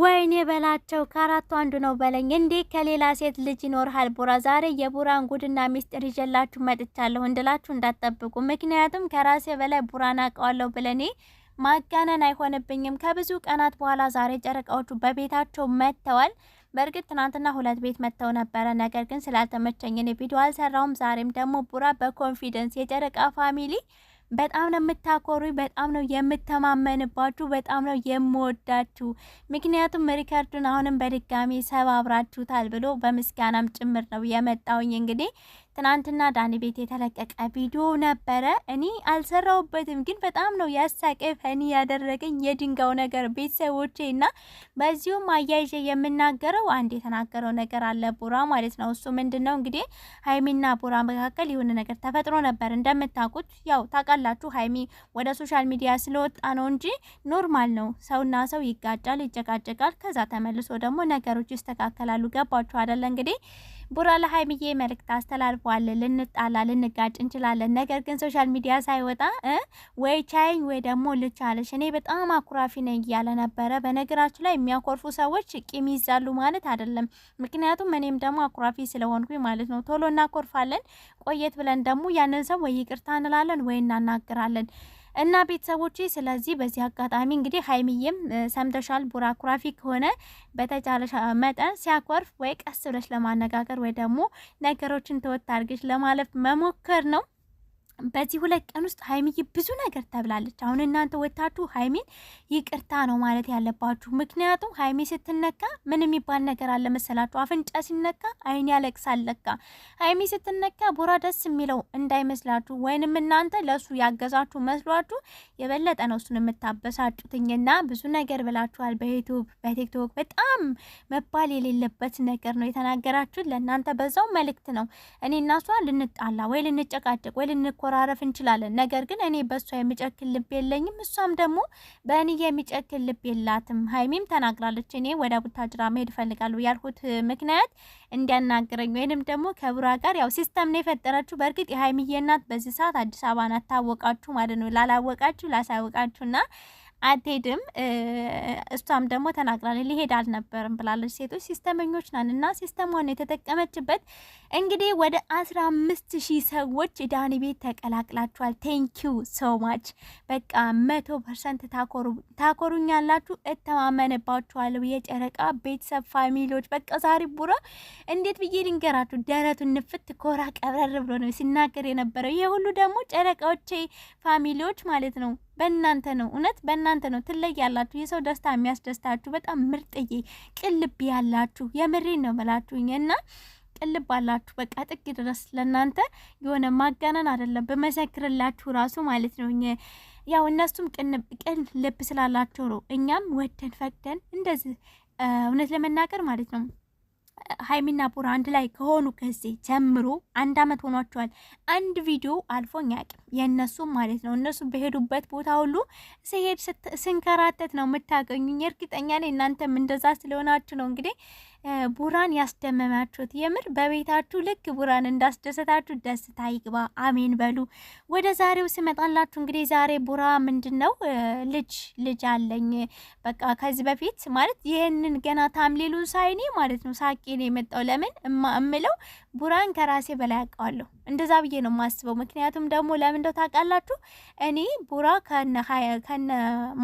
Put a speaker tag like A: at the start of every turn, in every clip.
A: ወይኔ በላቸው ከአራቱ አንዱ ነው በለኝ እንዴ! ከሌላ ሴት ልጅ ይኖርሃል ቡራ። ዛሬ የቡራን ጉድና ሚስጥር ይዤላችሁ መጥቻለሁ እንድላችሁ እንዳትጠብቁ። ምክንያቱም ከራሴ በላይ ቡራን አውቀዋለሁ ብለኔ ማጋነን አይሆንብኝም። ከብዙ ቀናት በኋላ ዛሬ ጨረቃዎቹ በቤታቸው መጥተዋል። በእርግጥ ትናንትና ሁለት ቤት መጥተው ነበረ፣ ነገር ግን ስላልተመቸኝን ቪዲዮ አልሰራውም። ዛሬም ደግሞ ቡራ በኮንፊደንስ የጨረቃ ፋሚሊ በጣም ነው የምታኮሩኝ፣ በጣም ነው የምተማመንባችሁ፣ በጣም ነው የምወዳችሁ። ምክንያቱም ሪከርዱን አሁንም በድጋሚ ሰባብራችሁታል ብሎ በምስጋናም ጭምር ነው የመጣውኝ እንግዲህ ትናንትና ዳኒ ቤት የተለቀቀ ቪዲዮ ነበረ። እኔ አልሰራውበትም፣ ግን በጣም ነው ያሳቀ ፈኒ ያደረገኝ የድንጋው ነገር ቤተሰቦቼ እና በዚሁም አያይዤ የምናገረው አንድ የተናገረው ነገር አለ ቡራ ማለት ነው። እሱ ምንድን ነው እንግዲህ ሀይሚና ቡራ መካከል የሆነ ነገር ተፈጥሮ ነበር። እንደምታውቁት ያው ታውቃላችሁ፣ ሀይሚ ወደ ሶሻል ሚዲያ ስለወጣ ነው እንጂ ኖርማል ነው። ሰውና ሰው ይጋጫል፣ ይጨቃጨቃል። ከዛ ተመልሶ ደግሞ ነገሮች ይስተካከላሉ። ገባችሁ አደለ እንግዲህ ቡራ ለሀይሚዬ መልእክት አስተላልፏል። ልንጣላ ልንጋጭ እንችላለን፣ ነገር ግን ሶሻል ሚዲያ ሳይወጣ ወይ ቻይኝ ወይ ደግሞ ልቻለሽ፣ እኔ በጣም አኩራፊ ነኝ እያለ ነበረ። በነገራችሁ ላይ የሚያኮርፉ ሰዎች ቂም ይዛሉ ማለት አይደለም። ምክንያቱም እኔም ደግሞ አኩራፊ ስለሆንኩኝ ማለት ነው። ቶሎ እናኮርፋለን። ቆየት ብለን ደግሞ ያንን ሰው ወይ ይቅርታ እንላለን ወይ እናናግራለን። እና ቤተሰቦቼ ስለዚህ በዚህ አጋጣሚ እንግዲህ ሀይሚዬም ሰምተሻል። ቡራ ኩራፊ ከሆነ በተቻለሽ መጠን ሲያኮርፍ ወይ ቀስ ብለሽ ለማነጋገር ወይ ደግሞ ነገሮችን ተወት አድርገሽ ለማለፍ መሞከር ነው። በዚህ ሁለት ቀን ውስጥ ሀይሚዬ ብዙ ነገር ተብላለች። አሁን እናንተ ወታችሁ ሀይሚን ይቅርታ ነው ማለት ያለባችሁ። ምክንያቱም ሀይሚ ስትነካ ምን የሚባል ነገር አለ መሰላችሁ? አፍንጫ ሲነካ አይን ያለቅሳል። ለካ ሀይሚ ስትነካ ቦራ ደስ የሚለው እንዳይመስላችሁ፣ ወይንም እናንተ ለእሱ ያገዛችሁ መስሏችሁ የበለጠ ነው እሱን የምታበሳጩትኝና ብዙ ነገር ብላችኋል። በዩቱብ በቲክቶክ በጣም መባል የሌለበት ነገር ነው የተናገራችሁ ለእናንተ በዛው መልእክት ነው እኔ እናሷ ልንጣላ ወይ ልንጨቃጨቅ ወይ መኮራረፍ እንችላለን። ነገር ግን እኔ በእሷ የሚጨክል ልብ የለኝም፣ እሷም ደግሞ በእኔ የሚጨክል ልብ የላትም። ሀይሚም ተናግራለች። እኔ ወደ ቡታጅራ መሄድ እፈልጋለሁ ያልኩት ምክንያት እንዲያናግረኝ ወይንም ደግሞ ከቡራ ጋር ያው ሲስተም ነው የፈጠረችው። በእርግጥ የሀይሚዬ እናት በዚህ ሰዓት አዲስ አበባን አታወቃችሁ ማለት ነው። ላላወቃችሁ ላሳወቃችሁና አትሄድም። እሷም ደግሞ ተናግራለች፣ ሊሄድ አልነበርም ብላለች። ሴቶች ሲስተመኞች ናን እና ሲስተሟን የተጠቀመችበት እንግዲህ ወደ አስራ አምስት ሺህ ሰዎች ዳኒ ቤት ተቀላቅላችኋል። ቴንኪው ሶ ማች በቃ መቶ ፐርሰንት ታኮሩኛላችሁ፣ እተማመንባችኋለሁ። የጨረቃ ቤተሰብ ፋሚሊዎች በቃ ዛሬ ቡራ እንዴት ብዬ ልንገራችሁ፣ ደረቱን ንፍት ኮራ ቀብረር ብሎ ነው ሲናገር የነበረው። ይህ ሁሉ ደግሞ ጨረቃዎቼ ፋሚሊዎች ማለት ነው በእናንተ ነው፣ እውነት በእናንተ ነው። ትለይ ያላችሁ የሰው ደስታ የሚያስደስታችሁ በጣም ምርጥዬ ቅልብ ያላችሁ የምሬ ነው መላችሁኝ እና ቅልብ አላችሁ። በቃ ጥግ ድረስ ለእናንተ የሆነ ማጋነን አይደለም በመሰክርላችሁ ራሱ ማለት ነው። ያው እነሱም ቅን ልብ ስላላቸው ነው። እኛም ወደን ፈቅደን እንደዚህ እውነት ለመናገር ማለት ነው ሀይሚና ቡራ አንድ ላይ ከሆኑ ከዚህ ጀምሮ አንድ አመት ሆኗቸዋል። አንድ ቪዲዮ አልፎኝ አያውቅም። የነሱ ማለት ነው። እነሱ በሄዱበት ቦታ ሁሉ ስሄድ ስንከራተት ነው የምታገኙኝ። እርግጠኛ ነኝ እናንተም እንደዛ ስለሆናችሁ ነው እንግዲህ ቡራን ያስደመማችሁት። የምር በቤታችሁ ልክ ቡራን እንዳስደሰታችሁ ደስታ ይግባ፣ አሜን በሉ። ወደ ዛሬው ስመጣላችሁ እንግዲህ ዛሬ ቡራ ምንድን ነው ልጅ ልጅ አለኝ በቃ ከዚህ በፊት ማለት ይህንን ገና ታምሌሉ ሳይኔ ማለት ነው ሳቄን የመጣው ለምን እምለው ቡራን ከራሴ በላይ አውቀዋለሁ። እንደዛ ብዬ ነው የማስበው። ምክንያቱም ደግሞ ለምን እንደው ታውቃላችሁ፣ እኔ ቡራ ከነ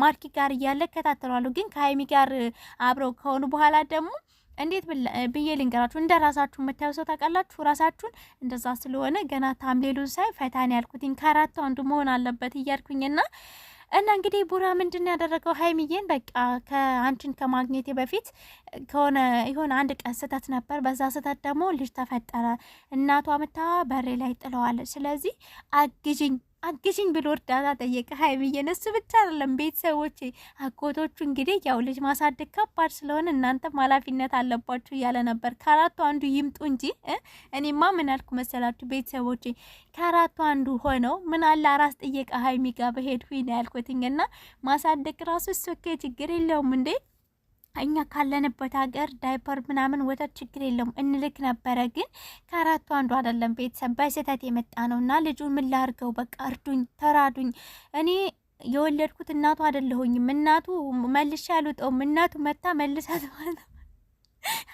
A: ማርኪ ጋር እያለ እከታተለዋለሁ፣ ግን ከሀይሚ ጋር አብረው ከሆኑ በኋላ ደግሞ እንዴት ብዬ ልንገራችሁ፣ እንደ ራሳችሁ የምታዩ ሰው ታውቃላችሁ ራሳችሁን። እንደዛ ስለሆነ ገና ታምሌሉን ሳይ ፈታን ያልኩትኝ ከአራቱ አንዱ መሆን አለበት እያልኩኝና እና እንግዲህ ቡራ ምንድን ያደረገው? ሀይሚዬን በቃ ከአንቺን ከማግኘቴ በፊት ከሆነ የሆነ አንድ ቀን ስህተት ነበር። በዛ ስህተት ደግሞ ልጅ ተፈጠረ። እናቷ ምታ በሬ ላይ ጥለዋለች። ስለዚህ አግዥኝ አግዥኝ ብሎ እርዳታ ጠየቀ ሀይሚዬን። እሱ ብቻ አይደለም ቤተሰቦች፣ አጎቶቹ እንግዲህ ያው ልጅ ማሳደግ ከባድ ስለሆነ እናንተም ኃላፊነት አለባችሁ እያለ ነበር። ከአራቱ አንዱ ይምጡ እንጂ እኔማ ምን አልኩ መሰላችሁ ቤተሰቦች፣ ከአራቱ አንዱ ሆነው ምን አለ አራስ ጠየቀ ሀይሚ ጋር በሄድኩኝ ያልኩትኝ እና ማሳደግ ራሱ እሱ ኬ ችግር የለውም እንዴ እኛ ካለንበት ሀገር ዳይፐር ምናምን ወተት ችግር የለውም እንልክ ነበረ። ግን ከአራቱ አንዱ አይደለም ቤተሰብ በስህተት የመጣ ነው እና ልጁ ምን ላርገው? በቃ እርዱኝ፣ ተራዱኝ። እኔ የወለድኩት እናቱ አይደለሁኝም። እናቱ መልሻ ያሉጠውም እናቱ መታ መልሳት ማለት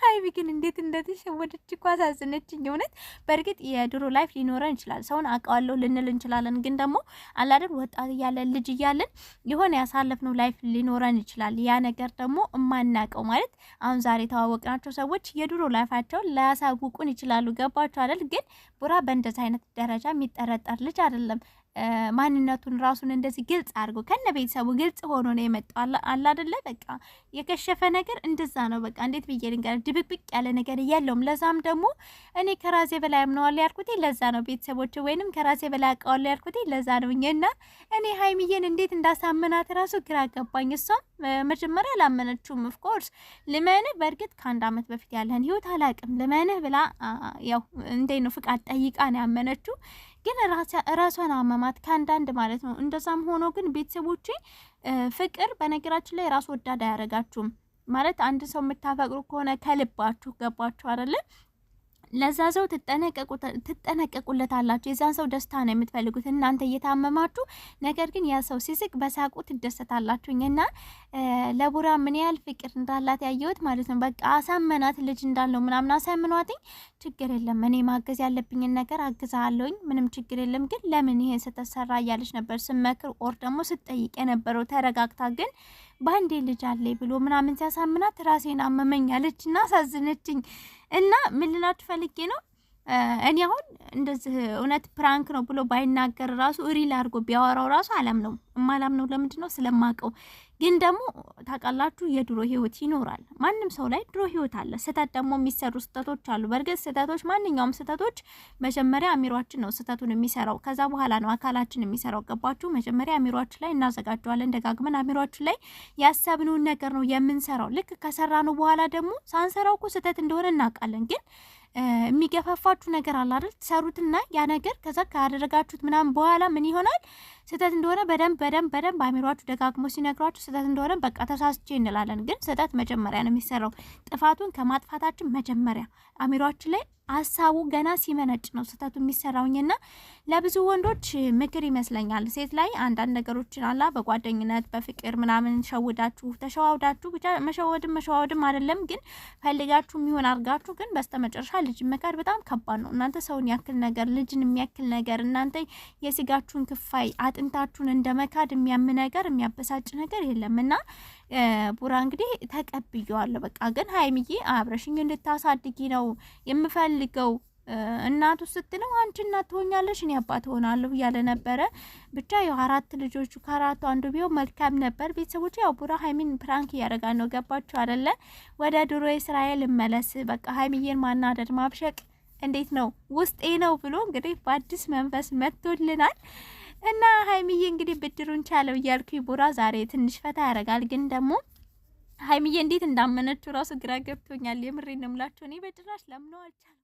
A: ሀይሚ ግን እንዴት እንደተሸወደች እኮ አሳዝነችኝ። እውነት በእርግጥ የድሮ ላይፍ ሊኖረን ይችላል፣ ሰውን አውቀዋለሁ ልንል እንችላለን። ግን ደግሞ አላደር ወጣት እያለን ልጅ እያለን የሆነ ያሳለፍነው ላይፍ ሊኖረን ይችላል። ያ ነገር ደግሞ እማናቀው ማለት አሁን ዛሬ የተዋወቅናቸው ሰዎች የድሮ ላይፋቸውን ላያሳውቁን ይችላሉ። ገባቸው አይደል? ግን ቡራ በእንደዚህ አይነት ደረጃ የሚጠረጠር ልጅ አይደለም። ማንነቱን ራሱን እንደዚህ ግልጽ አድርጎ ከነ ቤተሰቡ ግልጽ ሆኖ ነው የመጣው። አለ አደለ በቃ የከሸፈ ነገር እንደዛ ነው። በቃ እንዴት ብዬ ልንገር፣ ድብቅብቅ ያለ ነገር የለውም። ለዛም ደግሞ እኔ ከራሴ በላይ አምነዋል ያልኩት ለዛ ነው። ቤተሰቦች ወይንም ከራሴ በላይ አውቀዋል ያልኩት ለዛ ነው። እና እኔ ሀይሚዬን እንዴት እንዳሳመናት ራሱ ግራ ገባኝ። እሷም መጀመሪያ አላመነችውም። ኦፍኮርስ ልመንህ፣ በእርግጥ ከአንድ አመት በፊት ያለህን ህይወት አላቅም ልመንህ ብላ ያው እንዴት ነው ፍቃድ ጠይቃ ነው ያመነችው። ግን ራሷን አመማት ከአንዳንድ ማለት ነው። እንደዛም ሆኖ ግን ቤተሰቦቼ ፍቅር በነገራችን ላይ ራስ ወዳድ አያደርጋችሁም ማለት አንድ ሰው የምታፈቅሩ ከሆነ ከልባችሁ ገባችሁ አይደለም ለዛ ሰው ትጠነቀቁለታላችሁ። የዛን ሰው ደስታ ነው የምትፈልጉት እናንተ እየታመማችሁ፣ ነገር ግን ያ ሰው ሲስቅ በሳቁ ትደሰታላችሁኝ። እና ለቡራ ምን ያህል ፍቅር እንዳላት ያየሁት ማለት ነው። በቃ አሳመናት፣ ልጅ እንዳለው ምናምን አሳምኗትኝ፣ ችግር የለም እኔ ማገዝ ያለብኝን ነገር አግዛለሁኝ፣ ምንም ችግር የለም ግን ለምን ይሄ ስተሰራ እያለች ነበር ስመክር ኦር ደግሞ ስጠይቅ የነበረው ተረጋግታ ግን በአንዴ ልጅ አለኝ ብሎ ምናምን ሲያሳምናት ራሴን አመመኝ አለች እና ሳዝነችኝ እና ምን ልላችሁ ፈልጌ ነው እኔ አሁን እንደዚህ እውነት ፕራንክ ነው ብሎ ባይናገር ራሱ ሪል አድርጎ ቢያወራው ራሱ አለም ነው ለምንድን ነው ስለማቀው። ግን ደግሞ ታውቃላችሁ የድሮ ህይወት ይኖራል። ማንም ሰው ላይ ድሮ ህይወት አለ። ስህተት ደግሞ የሚሰሩ ስህተቶች አሉ። በእርግጥ ስህተቶች፣ ማንኛውም ስህተቶች መጀመሪያ አሚሯችን ነው ስህተቱን የሚሰራው፣ ከዛ በኋላ ነው አካላችን የሚሰራው። ገባችሁ? መጀመሪያ አሚሯችን ላይ እናዘጋጀዋለን ደጋግመን፣ አሚሯችን ላይ ያሰብነውን ነገር ነው የምንሰራው። ልክ ከሰራነው በኋላ ደግሞ ሳንሰራው እኮ ስህተት እንደሆነ እናውቃለን ግን የሚገፋፋችሁ ነገር አለ አይደል? ትሰሩትና ያ ነገር ከዛ ካደረጋችሁት ምናምን በኋላ ምን ይሆናል ስህተት እንደሆነ በደንብ በደንብ በደንብ አእምሯችሁ ደጋግሞ ሲነግሯችሁ ስህተት እንደሆነ በቃ ተሳስቼ እንላለን። ግን ስህተት መጀመሪያ ነው የሚሰራው። ጥፋቱን ከማጥፋታችን መጀመሪያ አእምሯችን ላይ ሀሳቡ ገና ሲመነጭ ነው ስህተቱ የሚሰራውኝና ለብዙ ወንዶች ምክር ይመስለኛል። ሴት ላይ አንዳንድ ነገሮችን አላ በጓደኝነት በፍቅር ምናምን ሸውዳችሁ ተሸዋውዳችሁ ብቻ መሸወድም መሸዋወድም አይደለም ግን ፈልጋችሁ የሚሆን አድርጋችሁ ግን በስተመጨረሻ ልጅ መካድ በጣም ከባድ ነው። እናንተ ሰውን ያክል ነገር ልጅን የሚያክል ነገር እናንተ የስጋችሁን ክፋይ አጥንታችሁን እንደ መካድ የሚያም ነገር የሚያበሳጭ ነገር የለም። እና ቡራ እንግዲህ ተቀብየዋለሁ። በቃ ግን ሀይምዬ አብረሽኝ እንድታሳድጊ ነው የምፈልገው እናቱ ስትለው አንቺ እናት ትሆኛለሽ እኔ አባት ሆናለሁ እያለ ነበረ። ብቻ ያው አራት ልጆቹ ከአራቱ አንዱ ቢሆን መልካም ነበር። ቤተሰቦች ያው ቡራ ሀይሚን ፕራንክ እያደረጋ ነው። ገባችሁ አይደለ? ወደ ድሮ እስራኤል እመለስ በቃ ሀይሚዬን ማናደድ ማብሸቅ እንዴት ነው ውስጤ ነው ብሎ እንግዲህ በአዲስ መንፈስ መጥቶልናል። እና ሀይሚዬ እንግዲህ ብድሩን ቻለው እያልኩ ቡራ ዛሬ ትንሽ ፈታ ያደርጋል። ግን ደግሞ ሀይሚዬ እንዴት እንዳመነችው ራሱ ግራ ገብቶኛል። የምሬ ነው የምላችሁ እኔ በጭራሽ ለምነው አልቻለም።